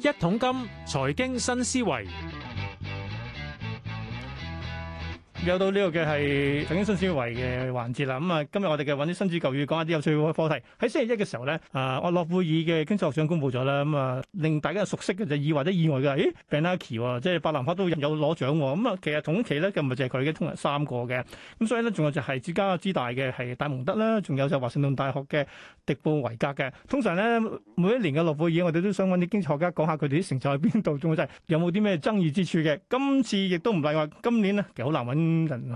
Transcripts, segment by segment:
一桶金，財經新思維。有到呢個嘅係曾經新思維嘅環節啦，咁啊今日我哋嘅揾啲新知舊雨，講下啲有趣嘅課題。喺星期一嘅時候咧，啊諾貝爾嘅經濟學獎公布咗啦，咁啊令大家熟悉嘅就意或者意外嘅，咦 Bernanke 即係伯南克都有攞獎，咁啊其實同期咧咁唔係淨係佢嘅，通常三個嘅，咁所以咧仲有就係芝加哥大嘅係戴蒙德啦，仲有就華盛頓大學嘅迪布維格嘅。通常咧每一年嘅諾貝爾，我哋都想揾啲經濟學家講下佢哋啲成就喺邊度，仲有即係有冇啲咩爭議之處嘅。今次亦都唔例外。今年咧其實好難揾。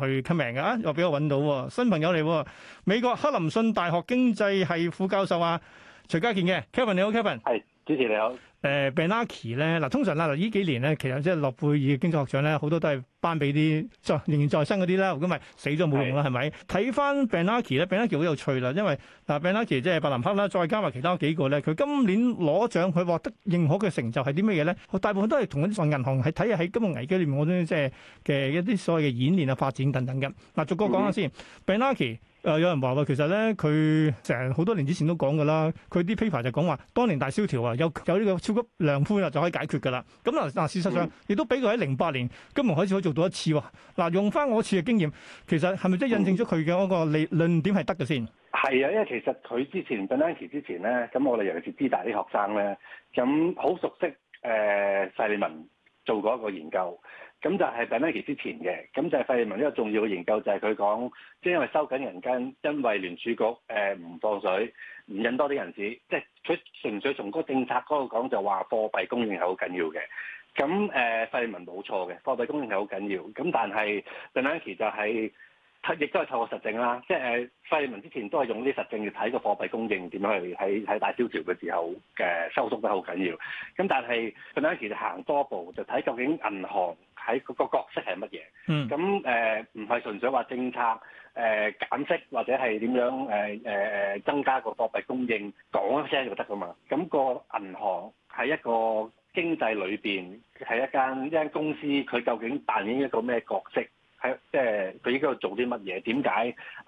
去 c 名 m 又俾我揾到新朋友嚟，美國克林遜大學經濟系副教授啊徐家健嘅 Kevin，你好 Kevin。係。主持人你好，誒 Bernanke 咧，嗱，通常啦，呢幾年咧，其實即係諾貝爾經濟學獎咧，好多都係頒俾啲在仍然在生嗰啲啦，如果唔係死咗冇用啦，係咪的？睇翻 Bernanke 咧，Bernanke 好有趣啦，因為嗱 Bernanke 即係伯南克啦，再加埋其他幾個咧，佢今年攞獎佢獲得認可嘅成就係啲咩嘢咧？大部分都係同一份銀行係睇下喺金融危機裏面我哋即係嘅一啲所謂嘅演練啊、發展等等嘅。嗱、嗯，逐個講下先，Bernanke。誒有人話喎，其實咧佢成日好多年之前都講噶啦，佢啲 paper 就講話，當年大蕭條啊，有有呢個超級量寬啊就可以解決噶啦。咁啊，但事實上、嗯、亦都俾佢喺零八年金融海嘯可以做到一次喎。嗱，用翻我次嘅經驗，其實係咪真印證咗佢嘅嗰個理、嗯、論點係得嘅先？係啊，因為其實佢之前 Bernanke 之前咧，咁我哋尤其是知大啲學生咧，咁好熟悉誒，塞、呃、利文做過一個研究。咁就係伯南克之前嘅。咁就係佛利民一個重要嘅研究就係佢講，即、就、係、是、因為收緊人間，因為聯儲局誒唔、呃、放水，唔印多啲銀紙，即係佢純粹從個政策嗰度講就話貨幣供應係好緊要嘅。咁誒佛利民冇錯嘅，貨幣供應係好緊要。咁但係伯南克就係、是。亦都係透過實證啦，即係費爾文之前都係用呢啲實證去睇個,、嗯呃呃呃、個貨幣供應點樣去喺喺大蕭條嘅時候嘅收縮得好緊要。咁但係佢嗰陣時行多一步，就睇究竟銀行喺嗰個角色係乜嘢。咁誒唔係純粹話政策誒減息或者係點樣誒誒誒增加個貨幣供應講一聲就得㗎嘛？咁、那個銀行喺一個經濟裏邊係一間一間公司，佢究竟扮演一個咩角色？喺即係佢應該做啲乜嘢？點解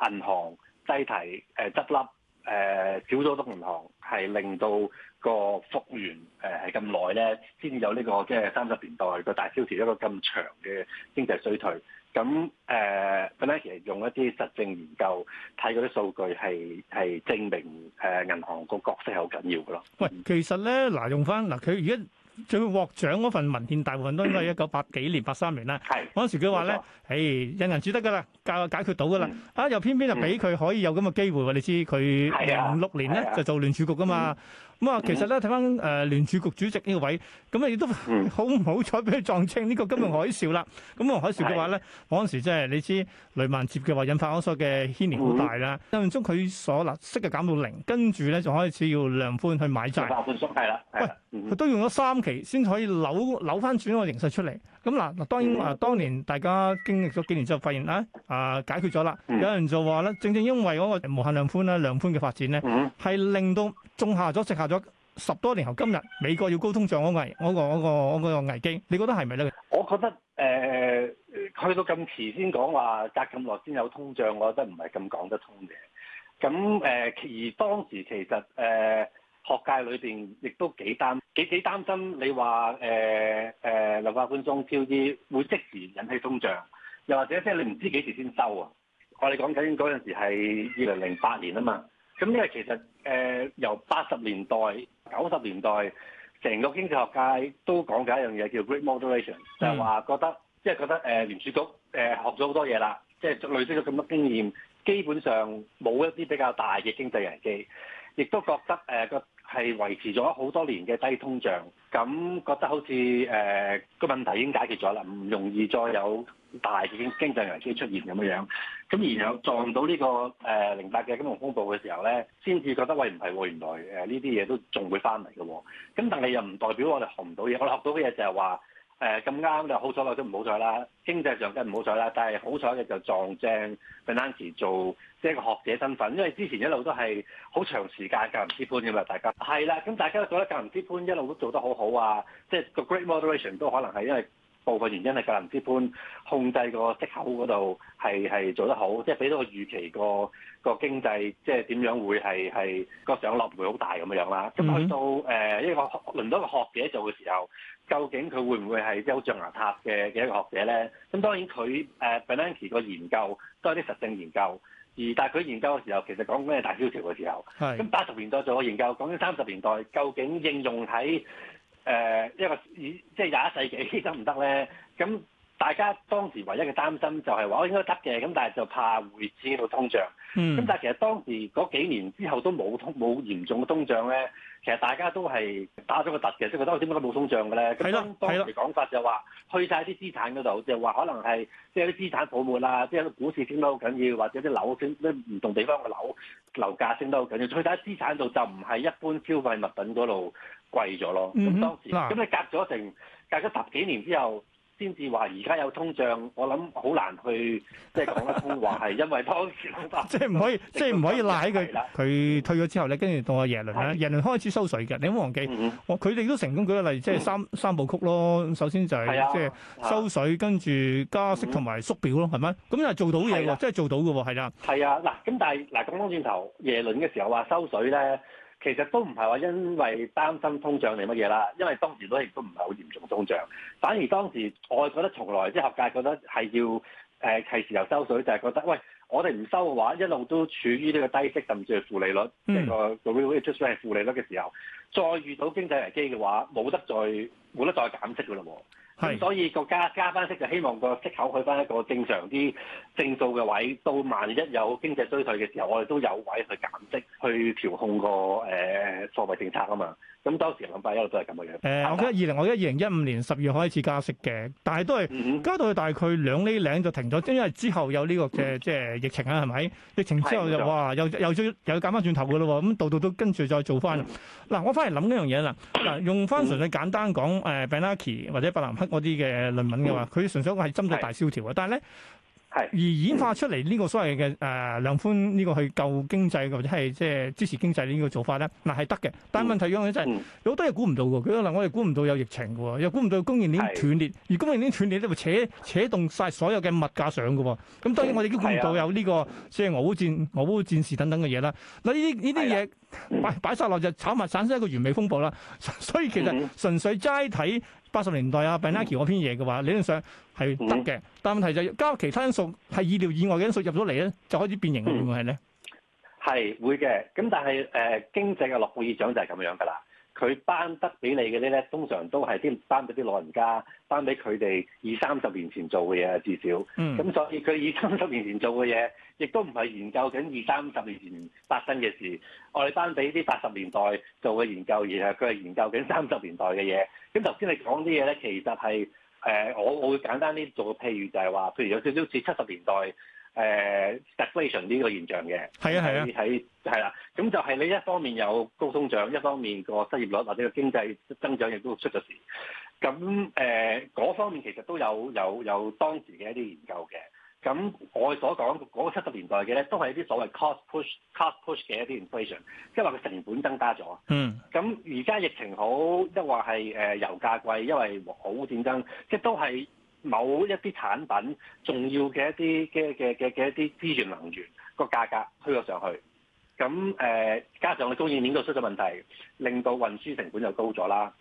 銀行擠提、誒執笠、誒少咗啲銀行，係令到個復原誒係咁耐咧，先至有呢個即係三十年代個大蕭條一個咁長嘅經濟衰退？咁誒 f r 其實用一啲實證研究睇嗰啲數據係係證明誒銀行個角色好緊要嘅咯。喂，其實咧嗱，用翻嗱，佢而家。最會獲獎嗰份文獻大部分都應該係一九八幾年八三 年啦。係嗰陣時佢話咧，誒錯，一人主得㗎啦，夠解決到㗎啦。嗯、啊，又偏偏就俾佢可以有咁嘅機會，嗯、你知佢五六年咧、啊、就做聯儲局㗎嘛。咁啊，其實咧睇翻誒聯儲局主席呢個位，咁啊亦都好唔好彩俾佢撞清呢個金融海嘯啦。咁啊海嘯嘅話咧，嗰陣時真係你知雷曼接嘅話，引發我所嘅牽連好大啦。當中佢所嗱息嘅減到零，跟住咧就開始要量寬去買債，量寬縮係啦。喂，佢都用咗三期先可以扭扭翻轉個形勢出嚟。咁嗱嗱，當然話當年大家經歷咗幾年之後，發現啊啊解決咗啦，有人就話咧，正正因為嗰個無限量寬啦，量寬嘅發展咧，係、嗯、令到種下咗、植下咗十多年後，今日美國要高通脹嗰個嗰、嗰個嗰個嗰個危機，你覺得係咪咧？我覺得誒、呃，去到咁遲先講話隔咁耐先有通脹，我覺得唔係咁講得通嘅。咁其、呃、而當時其實誒。呃學界裏邊亦都幾擔幾幾擔心你，你話誒誒量化寬鬆超支、e，會即時引起通脹，又或者即係你唔知幾時先收啊？我哋講緊嗰陣時係二零零八年啊嘛，咁因為其實誒、呃、由八十年代、九十年代，成個經濟學界都講緊一樣嘢叫 Great Moderation，就係話覺得即係、嗯、覺得誒聯儲局誒、呃、學咗好多嘢啦，即係累積咗咁多經驗，基本上冇一啲比較大嘅經濟危機，亦都覺得誒個。呃呃係維持咗好多年嘅低通脹，咁覺得好似誒個問題已經解決咗啦，唔容易再有大嘅經,經濟危機出現咁樣樣。咁然後撞到呢個誒零八嘅金融風暴嘅時候咧，先至覺得喂唔係喎，原來誒呢啲嘢都仲會翻嚟嘅。咁但係又唔代表我哋學唔到嘢，我哋學到嘅嘢就係話。誒咁啱就好彩或者唔好彩啦，經濟上梗唔好彩啦，但係好彩嘅就撞正 Bernanke 做即係個學者身份，因為之前一路都係好長時間格林斯潘嘅嘛，大家係啦，咁大家都覺得格林斯潘一路都做得好好啊，即係個 great moderation 都可能係因為。部分原因係格林斯潘控制個息口嗰度係係做得好，即係俾到個預期個個經濟即係點樣會係係個上落唔會好大咁樣啦。咁去、嗯、哼到誒呢個輪到個學者做嘅時候，究竟佢會唔會係好象牙塔嘅嘅一個學者咧？咁當然佢誒 Bernanke 個研究都係啲實證研究，而但係佢研究嘅時候其實講咩大蕭條嘅時候，咁八十年代做嘅研究講緊三十年代究竟應用喺誒、呃、一個以即係廿一世紀得唔得咧？咁。大家當時唯一嘅擔心就係話：我應該得嘅，咁但係就怕會知道通脹。咁、嗯、但係其實當時嗰幾年之後都冇通冇嚴重嘅通脹咧。其實大家都係打咗個突嘅，即係我點解冇通脹嘅咧？咁當時講法就話去晒啲資產嗰度，就話可能係即係啲資產泡沫啦，即係股市升得好緊要，或者啲樓升啲唔同地方嘅樓樓價升得好緊要。去晒喺資產度就唔係一般消費物品嗰度貴咗咯。咁、嗯嗯、當時咁你、嗯、隔咗成隔咗十幾年之後。先至話而家有通脹，我諗好難去即係講得通話係因為當時即係唔可以，即係唔可以賴喺佢佢退咗之後咧，後跟住到阿耶倫咧，的耶倫開始收水嘅，你唔好忘記，我佢哋都成功舉個例，即係三、嗯、三部曲咯。首先就係即係收水，跟住加息同埋縮表咯，係咪？咁又做到嘢喎，的真係做到嘅喎，係啦。係啊，嗱咁，但係嗱，咁講返轉頭，耶倫嘅時候話收水咧。其實都唔係話因為擔心通脹定乜嘢啦，因為當時都亦都唔係好嚴重通脹，反而當時我覺得從來即係學界覺得係要誒係時候收水，就係、是、覺得喂，我哋唔收嘅話，一路都處於呢個低息甚至係負利率，即係、嗯、個個 real 負利率嘅時候，再遇到經濟危機嘅話，冇得再冇得再減息㗎啦喎。係是、嗯，所以國家加翻息就希望個息口去翻一個正常啲正數嘅位，到萬一有經濟衰退嘅時候，我哋都有位去減息，去調控個誒貨幣政策啊嘛。咁當時諗法一路都係咁嘅樣。誒、嗯，我記得二零我一二零一五年十月開始加息嘅，但係都係加到去大概兩釐零就停咗，因為之後有呢、這個嘅即係疫情啊，係咪？疫情之後就哇，又又又要減翻轉頭嘅咯喎，咁度度都跟住再做翻。嗱是、啊，我翻嚟諗呢樣嘢啦，嗱，用翻純粹簡單講，誒 Bernanke 或者伯南克嗰啲嘅論文嘅話，佢純粹係針對大蕭條啊，但係咧。而演化出嚟呢個所謂嘅誒量寬呢個去救經濟或者係即係支持經濟呢個做法咧，嗱係得嘅。但係問題樣樣就係，好多嘢估唔到嘅。佢可能我哋估唔到有疫情嘅喎，又估唔到供應鏈斷裂。是如果供應鏈斷裂咧，會扯扯動晒所有嘅物價上嘅喎。咁當然我哋都估唔到有呢、呢個即係、啊、俄烏戰、俄烏戰事等等嘅嘢啦。嗱，呢啲呢啲嘢擺擺曬落就炒埋，產生一個完美風暴啦。所以其實純粹齋睇。八十年代啊 Bernanke 嗰篇嘢嘅話、嗯、理論上係得嘅，但問題就加其他因素係意料以外嘅因素入咗嚟咧，就開始變形，會唔會係咧？係會嘅，咁但係誒經濟嘅諾貝爾獎就係咁樣㗎啦。佢班得俾你啲咧，通常都係啲班俾啲老人家，班俾佢哋二三十年前做嘅嘢至少。咁、嗯、所以佢二三十年前做嘅嘢，亦都唔係研究緊二三十年前發生嘅事。我哋班俾啲八十年代做嘅研究，而係佢係研究緊三十年代嘅嘢。咁頭先你講啲嘢咧，其實係誒，我、呃、我會簡單啲做個譬喻，就係話，譬如有少少似七十年代。誒 inflation、呃、呢個現象嘅，係啊係啊喺係啦，咁就係你一方面有高通脹，一方面個失業率或者個經濟增長亦都出咗事，咁誒嗰方面其實都有有有當時嘅一啲研究嘅，咁我所講嗰、嗰個七十年代嘅咧，都係一啲所謂 cost push cost push 嘅一啲 inflation，即係話佢成本增加咗。嗯，咁而家疫情好，即係話係誒油價貴，因為好戰爭，即係都係。某一啲產品重要嘅一啲嘅嘅嘅嘅一啲資源能源個價格推咗上去，咁誒加上你供應鏈度出咗問題，令到運輸成本就高咗啦。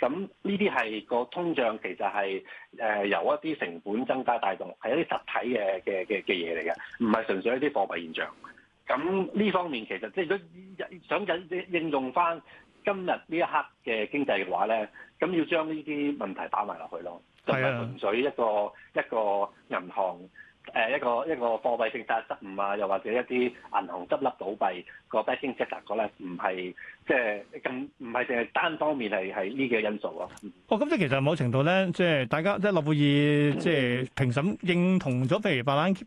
咁呢啲係個通脹其實係誒由一啲成本增加帶動，係一啲實體嘅嘅嘅嘅嘢嚟嘅，唔係純粹一啲貨幣現象。咁呢方面其實即係如果想引應用返今日呢一刻嘅經濟嘅話咧，咁要將呢啲問題打埋落去咯。就係純粹一個一個銀行誒一個一個貨幣政策失誤啊，又或者一啲銀行執笠倒閉個 banking sector 咧，唔係即係咁，唔係淨係單方面係係呢幾個因素咯。 哦，咁即係其實某程度咧，即係大家即係諾貝爾即係評審認同咗，譬如伯南克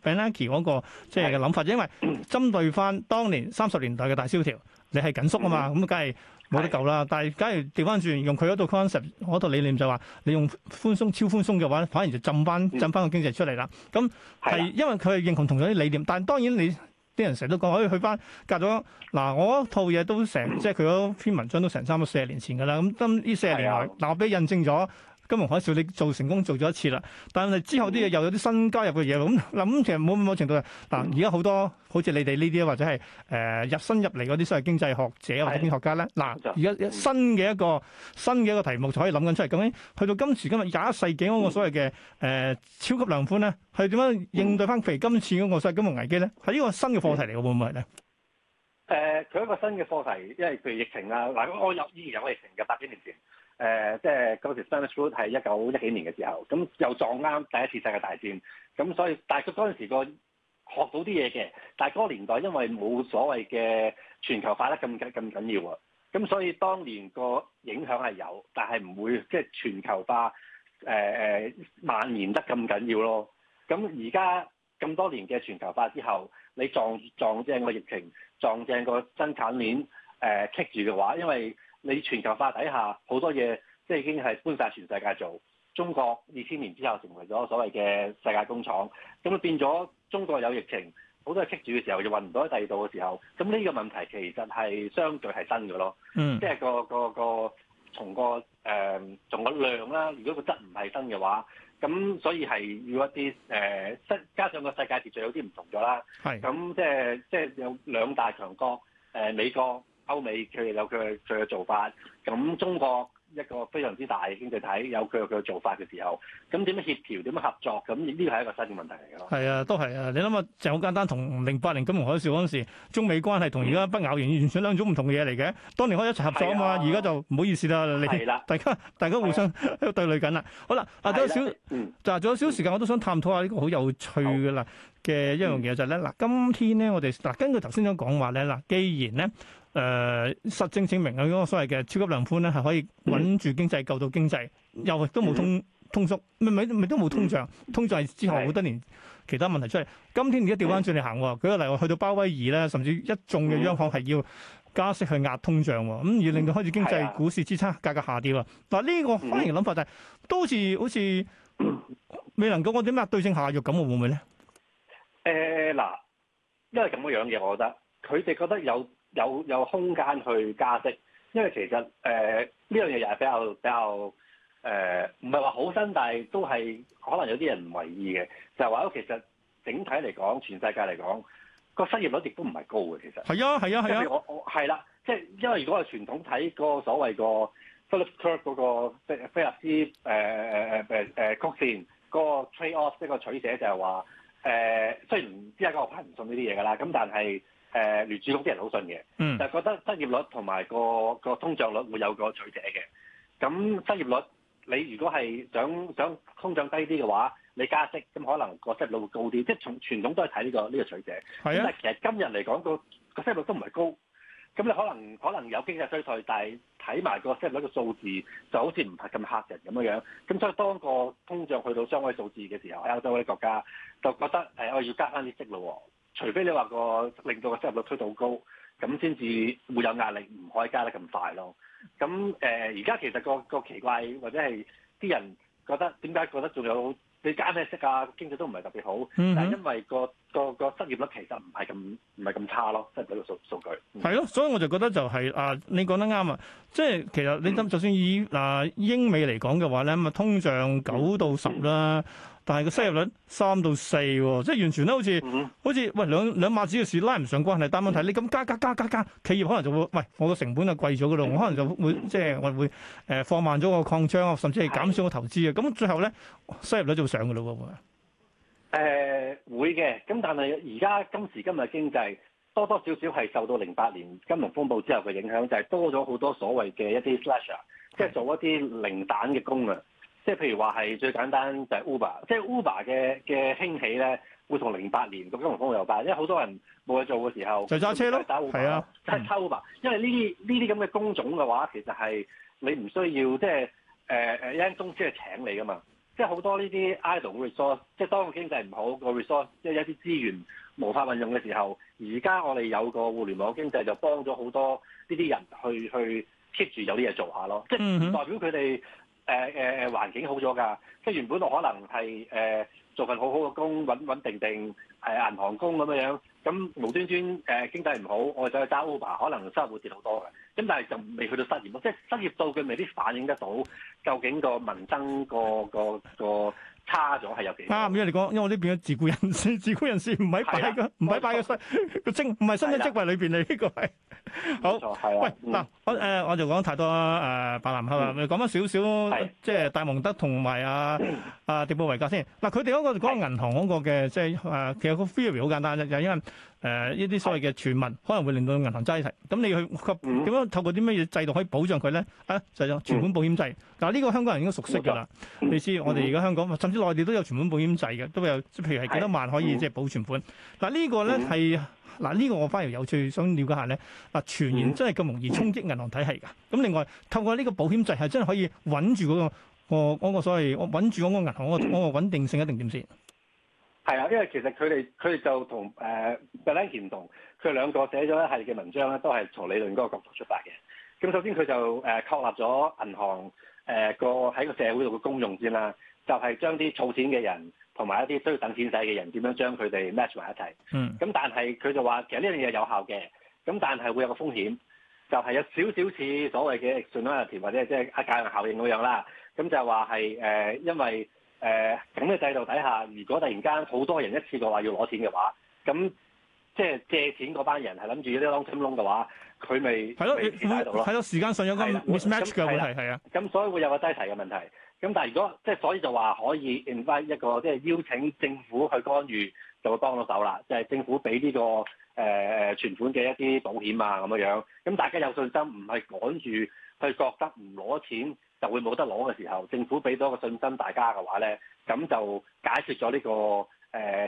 嗰個即係嘅諗法，的因為針對翻當年三十年代嘅大蕭條，你係緊縮啊嘛，咁梗係。冇得救啦！但係假如調翻轉，用佢嗰套 concept，嗰套理念就話，你用寬鬆、超寬鬆嘅話，反而就浸翻、嗯、浸翻個經濟出嚟啦。咁係、嗯、因為佢係認同同樣啲理念，但係當然你啲人成日都講，可以去翻隔咗嗱，我套嘢都成、嗯、即係佢嗰篇文章都成三、四十年前㗎啦。咁今呢四十年來，嗱我俾、嗯、印證咗。金融海嘯，你做成功做咗一次啦，但係之後啲嘢又有啲新加入嘅嘢，咁諗其實冇冇冇程度啊！嗱，而家好多好似你哋呢啲或者係誒入新入嚟嗰啲所謂經濟學者是或者經濟學家咧，嗱而家新嘅一個新嘅一個題目就可以諗緊出嚟，咁樣去到今時今日廿一世紀嗰、嗯呃、個所謂嘅誒超級量寬咧，係點樣應對翻？譬如今次嗰個所謂金融危機咧，係呢個新嘅課題嚟嘅會唔會咧？誒，佢一個新嘅課,的、呃、課題，因為譬如疫情啊，嗱，我有以前有疫情嘅百幾年前。誒、呃，即係嗰時 Spanish flu 係一九一幾年嘅時候，咁又撞啱第一次世界大戰，咁所以大概嗰陣時、個學到啲嘢嘅，但係嗰個年代因為冇所謂嘅全球化得咁緊咁緊要啊，咁所以當年個影響係有，但係唔會即係、就是、全球化誒誒、呃、蔓延得咁緊要咯。咁而家咁多年嘅全球化之後，你撞撞正個疫情，撞正個生產鏈誒棘、呃、住嘅話，因為。你全球化底下好多嘢，即係已經係搬晒全世界做。中國二千年之後成為咗所謂嘅世界工廠，咁變咗中國有疫情，好多人棘住嘅時候又運唔到喺第二度嘅時候，咁呢個問題其實係相對係新嘅咯。嗯，即係個個個從個誒、呃、從個量啦，如果個質唔係新嘅話，咁所以係要一啲誒質，加上個世界秩序有啲唔同咗啦。係是，咁即係即係有兩大強國，誒、呃、美國。歐美佢哋有佢嘅佢嘅做法，咁中國一個非常之大嘅經濟體，有佢嘅佢嘅做法嘅時候，咁點樣協調？點樣合作？咁呢個係一個新嘅問題嚟嘅咯。係啊，都係啊！你諗下，就好簡單，同零八年金融海嘯嗰陣時，中美關係同而家不咬完，完全兩種唔同嘅嘢嚟嘅。當年可以一齊合作啊嘛，而家就唔好意思啦，啊、你大家大家互相、啊、 對壘緊啦。好啦，啊，仲有少，就仲、啊嗯、有少時間，我都想探討下呢個好有趣嘅、嗯就是、啦嘅一樣嘢就係咧嗱，今天咧我哋嗱根據頭先所講話咧嗱，既然咧。誒、呃、實證證明啊！嗰個所謂嘅超級量寬咧，係可以穩住經濟，救到經濟，嗯、又亦都冇通通縮，咪咪咪都冇通脹，通脹之後好多年其他問題出嚟。今天而家掉翻轉嚟行喎，舉個例話去到鮑威爾咧，甚至一眾嘅央行係要加息去壓通脹喎，咁而令到開始經濟、股市支撐價格下跌啦。嗱，呢個反而諗法就係都好似好似未能夠我哋點樣對症下藥咁會唔會咧？誒嗱、呃，因為咁嘅樣嘅，我覺得佢哋覺得有。有有空間去加息，因為其實誒呢、呃、樣嘢又係比較比較誒，唔係話好新，但係都係可能有啲人唔為意嘅，就係、是、話其實整體嚟講，全世界嚟講個失業率亦都唔係高嘅，其實係啊係啊係啊，我我係啦，即係因為如果係傳統睇個所謂、那個 Phillips Curve 嗰個菲菲立斯誒誒誒誒曲線嗰個 trade off 即係個取捨就，就係話誒雖然唔知阿教授係唔信呢啲嘢㗎啦，咁但係。誒聯儲局啲人好信嘅，嗯、就覺得失業率同埋、嗰個、嗰個通脹率會有個取捨嘅。咁失業率你如果係想想通脹低啲嘅話，你加息，咁可能個失業率會高啲。即係從傳統都係睇呢個呢、呢個取捨。咁、啊、但係其實今日嚟講、嗰個個失業率都唔係高，咁你可能可能有經濟衰退，但係睇埋個失業率嘅數字就好似唔係咁嚇人咁樣樣。咁所以當個通脹去到雙位數字嘅時候，歐洲啲國家就覺得誒、呃，我要加翻啲息咯、哦。除非你話個令到個收入率推到好高，咁先至會有壓力，唔可以加得咁快咯。咁誒，而家其實個個奇怪或者係啲人覺得點解覺得仲有你加咩息啊？經濟都唔係特別好，但係因為個。個個失業率其實唔係咁唔係咁差咯，即係睇個數數，數據。係、嗯、咯，所以我就覺得就係、是、啊，你講得啱啊，即係其實你咁就算以嗱英美嚟講嘅話咧，咁啊通脹九到十啦，嗯，但係個失業率三到四，即係完全都好似、嗯、好似喂兩兩碼子嘅事拉唔上關係，但問題你咁加加加加加，企業可能就會喂我個成本就貴咗噶咯，嗯、我可能就會即係我會誒放慢咗個擴張甚至係減少個投資啊。咁、嗯、最後咧失業率就會上噶啦喎。誒、呃、會嘅，咁但係而家今時今日經濟多多少少係受到零八年金融風暴之後嘅影響，就係、是、多咗好多所謂嘅一啲 slasher 即係做一啲零蛋嘅工啊。即係譬如話係最簡單就係 Uber，即係 Uber 嘅嘅興起咧會同零八年個金融風暴有關，因為好多人冇嘢做嘅時候就揸車咯，打 Uber 係啊，即係抽 Uber，因為呢啲呢啲咁嘅工種嘅話，其實係你唔需要即係誒誒一間公司係請你噶嘛。即係好多呢啲 idle 嘅 resource，即係當個經濟唔好個 resource，即係一啲資源無法運用嘅時候，而家我哋有個互聯網經濟就幫咗好多呢啲人去去 keep 住有啲嘢做下咯。即係唔代表佢哋誒誒誒環境好咗㗎，即係原本我可能係誒、呃、做份好好嘅工，穩穩定定誒、呃、銀行工咁樣。咁無端端誒、呃、經濟唔好，我哋走去揸 Uber，可能收入會跌好多嘅。咁但係就未去到失業，即係失業數據未必反映得到究竟個民生個個 個。個差咗喺入邊？啱、啊，因為你講，因為我呢邊嘅自僱人士，自僱人士唔係擺嘅，唔係的擺嘅新個職，唔係新嘅職位裏邊你呢個係的好。係的喂嗱、嗯，我誒、呃、我就講太多誒、呃，伯南克啦，咪講翻少少，的即係戴蒙德同埋啊啊迪布維格先。嗱，佢哋嗰個講、那個、銀行嗰個嘅，即係誒，其實個 theory 好簡單啫，就係、因為。誒呢啲所謂嘅傳聞可能會令到銀行擠提，咁你去及點樣透過啲咩嘢制度可以保障佢咧？啊，就係、是、存款保險制。嗱、啊，呢、這個香港人應該熟悉㗎啦。你知、嗯、我哋而家香港甚至內地都有存款保險制嘅，都有譬如係幾多萬可以即係保存款。嗱、啊這個、呢個咧係嗱呢個我反而有趣，想了解下咧。啊，傳言真係咁容易衝擊銀行體系㗎。咁、啊、另外透過呢個保險制係真係可以穩住嗰、那個個嗰、那個所謂穩住嗰個銀行嗰、那個穩定性一定點先？係啊，因為其實佢哋佢哋就同誒 Bernanke 唔同，佢哋兩個寫咗一系列嘅文章咧，都係從理論嗰個角度出發嘅。咁首先佢就誒、呃、確立咗銀行誒、呃、個喺個社會度嘅功用先啦，就係、是、將啲儲錢嘅人同埋一啲需要等錢使嘅人點樣將佢哋 match 埋一齊。嗯。咁但係佢就話其實呢樣嘢有效嘅，咁但係會有個風險，就係、是、有少少似所謂嘅 exogeneity 或者即係阿價量效應嗰樣啦。咁就話係誒因為。誒咁嘅制度底下，如果突然間好多人一次過話要攞錢嘅話，咁即係借錢嗰班人係諗住啲 long term loan 嘅話，佢咪係咯，咯，係咯，時間上有個 match 嘅問題係啊，咁所以會有個擠提嘅問題。咁但係如果即係所以就話可以 invite 一個即係邀請政府去干預，就會幫到手啦，即、就、係、是、政府俾呢、這個誒誒、呃、存款嘅一啲保險啊咁樣樣。咁大家有信心，唔係趕住去覺得唔攞錢。就會冇得攞嘅時候，政府俾多個信心大家嘅話咧，咁就解決咗呢個誒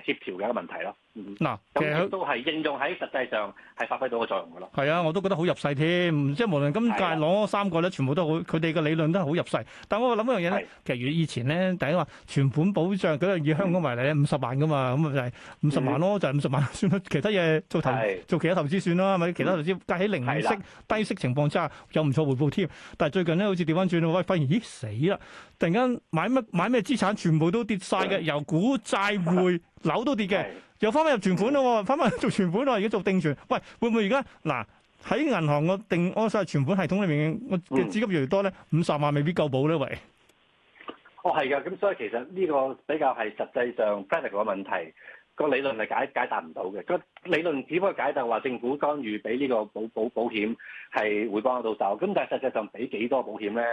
協調嘅一個問題咯。嗱，嗯、其實都係應用喺實際上係發揮到個作用㗎喇。係啊，我都覺得好入世添，即係無論今屆攞的三個咧，全部都好，佢哋嘅理論都係好入世。但我諗一樣嘢咧，的其實以前咧，第一話存款保障，佢哋以香港為例咧，五十的萬嘅嘛，咁咪就係五十萬咯，就係五十萬算，其他嘢做投的做其他投資算啦，咪其他投資計起零息的低息情況之下，有唔錯回報添。但係最近咧，好似調翻轉，喂，發現咦死啦！突然間買乜買咩資產，全部都跌晒嘅，由股債匯。 樓都跌嘅，的又翻翻入存款咯，翻翻的做存款咯，而家做定存。喂，會唔會而家嗱喺銀行個定，我所謂存款系統裏面，我嘅資金越嚟越多咧，五十萬未必夠保咧？喂。哦，係噶，咁所以其實呢個比較係實際上 credit 個問題，個理論係解解答唔到嘅。個理論只不過解答話政府干預俾呢個保保保險係會幫到到手，咁但係實際上俾幾多保險咧？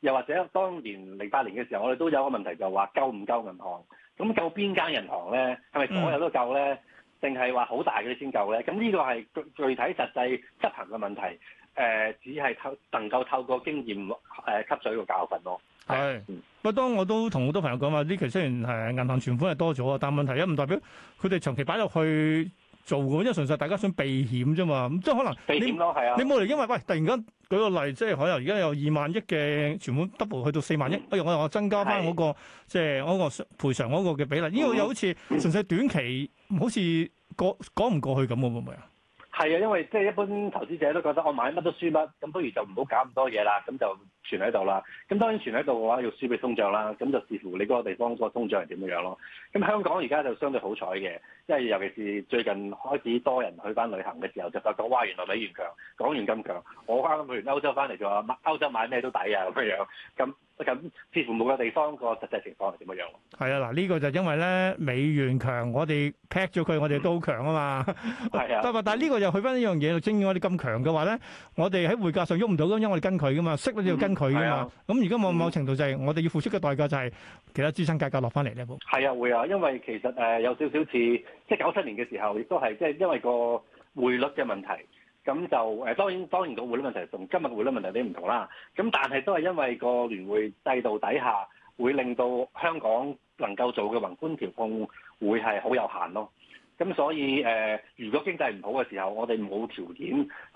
又或者當年零八年嘅時候，我哋都有個問題就話夠唔夠銀行。咁夠邊間銀行咧？係咪所有都夠咧？定係話好大嗰啲先夠咧？咁呢個係具具體實際執行嘅問題。誒、呃，只係透能夠透過經驗誒、呃、吸取個教訓咯、啊。係不過，嗯、當我都同好多朋友講話，呢期雖然誒銀行存款係多咗，但問題一唔代表佢哋長期擺落去做嘅，因為純粹大家想避險啫嘛。咁即係可能避險咯，係啊你，的你冇嚟，因為喂突然間。舉個例，即係可能而家有二萬億嘅存款 double 去到四萬億，不如我又增加翻、那、嗰個即係嗰個賠償嗰個嘅比例，呢、呢個又好似純粹短期，好似過講唔過，過去咁，會唔會啊？係啊，因為即係一般投資者都覺得我買乜都輸乜，咁不如就唔好搞咁多嘢啦，咁就存喺度啦。咁當然存喺度嘅話，要輸俾通脹啦，咁就視乎你嗰個地方個通脹係點樣樣咯。咁香港而家就相對好彩嘅，因為尤其是最近開始多人去翻旅行嘅時候，就發覺哇，原來美元強，港元咁強，我啱去完歐洲翻嚟就話買歐洲買咩都抵啊咁樣樣咁。咁似乎冇個地方個實際情況係點樣？係啊，嗱、這、呢個就因為咧美元強，嗯、我哋劈咗佢，我哋、嗯、都強啊嘛。係 啊的，但係呢個又去翻一、嗯、樣嘢，就係正如我哋咁強嘅話咧，我哋喺匯價上喐唔到，咁、嗯、因為我哋跟佢噶嘛，識得要跟佢噶嘛。咁而家某某程度就係我哋要付出嘅代價就係其他資產價格落翻嚟咧。係啊，會啊，因為其實誒有少少似即係九七年嘅時候，亦都係即係因為個匯率嘅問題。咁就誒、呃、當然當然個匯率問題同今日嘅匯率問題有啲唔同啦。咁但係都係因為個聯匯制度底下，會令到香港能夠做嘅宏觀調控會係好有限咯。咁所以誒、呃，如果經濟唔好嘅時候，我哋冇條件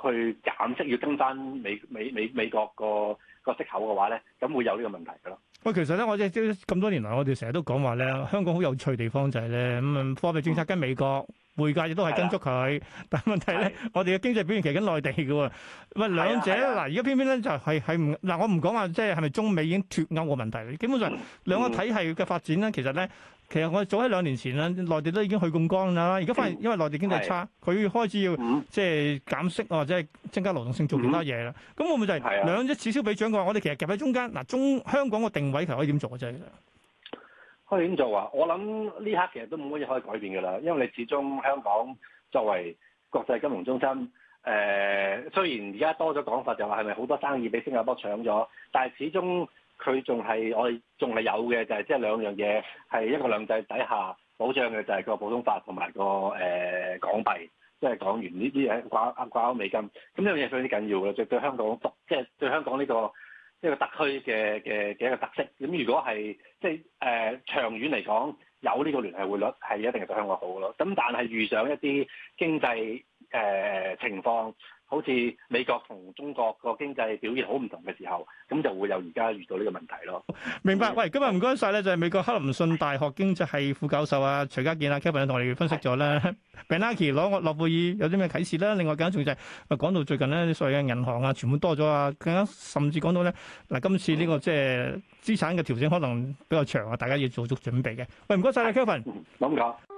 去減息，要跟翻美美美美國個個息口嘅話咧，咁會有呢個問題㗎咯。喂，其實咧，我哋即係咁多年來，我哋成日都講話咧，香港好有趣地方就係咧，咁啊貨幣政策跟美國。嗯匯價亦都係跟足佢，的但係問題咧，的我哋嘅經濟表現企喺內地嘅喎，咪兩者嗱，而家偏偏咧就係係唔嗱，我唔講話即係係咪中美已經脫鈎嘅問題，基本上兩個體系嘅發展咧，嗯、其實咧，其實我哋早喺兩年前咧，內地都已經去槓桿啦，而家反而因為內地經濟差，佢的開始要即係減息或者係增加流動性做其他嘢啦，咁會唔會就係兩者此消彼長嘅話，我哋其實夾喺中間嗱，中，中香港個定位其實可以點做啊？真可以點做啊？我諗呢刻其實都冇乜嘢可以改變㗎啦，因為你始終香港作為國際金融中心，誒、呃、雖然而家多咗講法，就話係咪好多生意俾新加坡搶咗，但係始終佢仲係我哋仲係有嘅，就係即係兩樣嘢係一個兩制底下保障嘅，就係個普通法同埋、那個誒、呃、港幣，即係港元呢啲嘢掛掛鈎美金，咁呢樣嘢非常之緊要嘅，就是、對香港即係、就是、對香港呢、這個。一個特區嘅嘅嘅一個特色，咁如果係即係誒、呃、長遠嚟講，有呢個聯繫匯率係一定係對香港好嘅咯，咁但係遇上一啲經濟誒、呃、情況。好似美國同中國個經濟表現好唔同嘅時候，咁就會有而家遇到呢個問題咯。明白，喂，今日唔該晒咧，就係、是、美國克林信大學經濟系副教授啊徐家健啊 Kevin 同我哋分析咗咧，Bernanke 攞個諾貝爾有啲咩啟示啦？另外更加重要就係講到最近咧，啲所謂嘅銀行啊，全部多咗啊，更加甚至講到咧，嗱，今次呢個即係資產嘅調整可能比較長啊，大家要做足準備嘅。喂，唔該晒啊，Kevin。諗緊。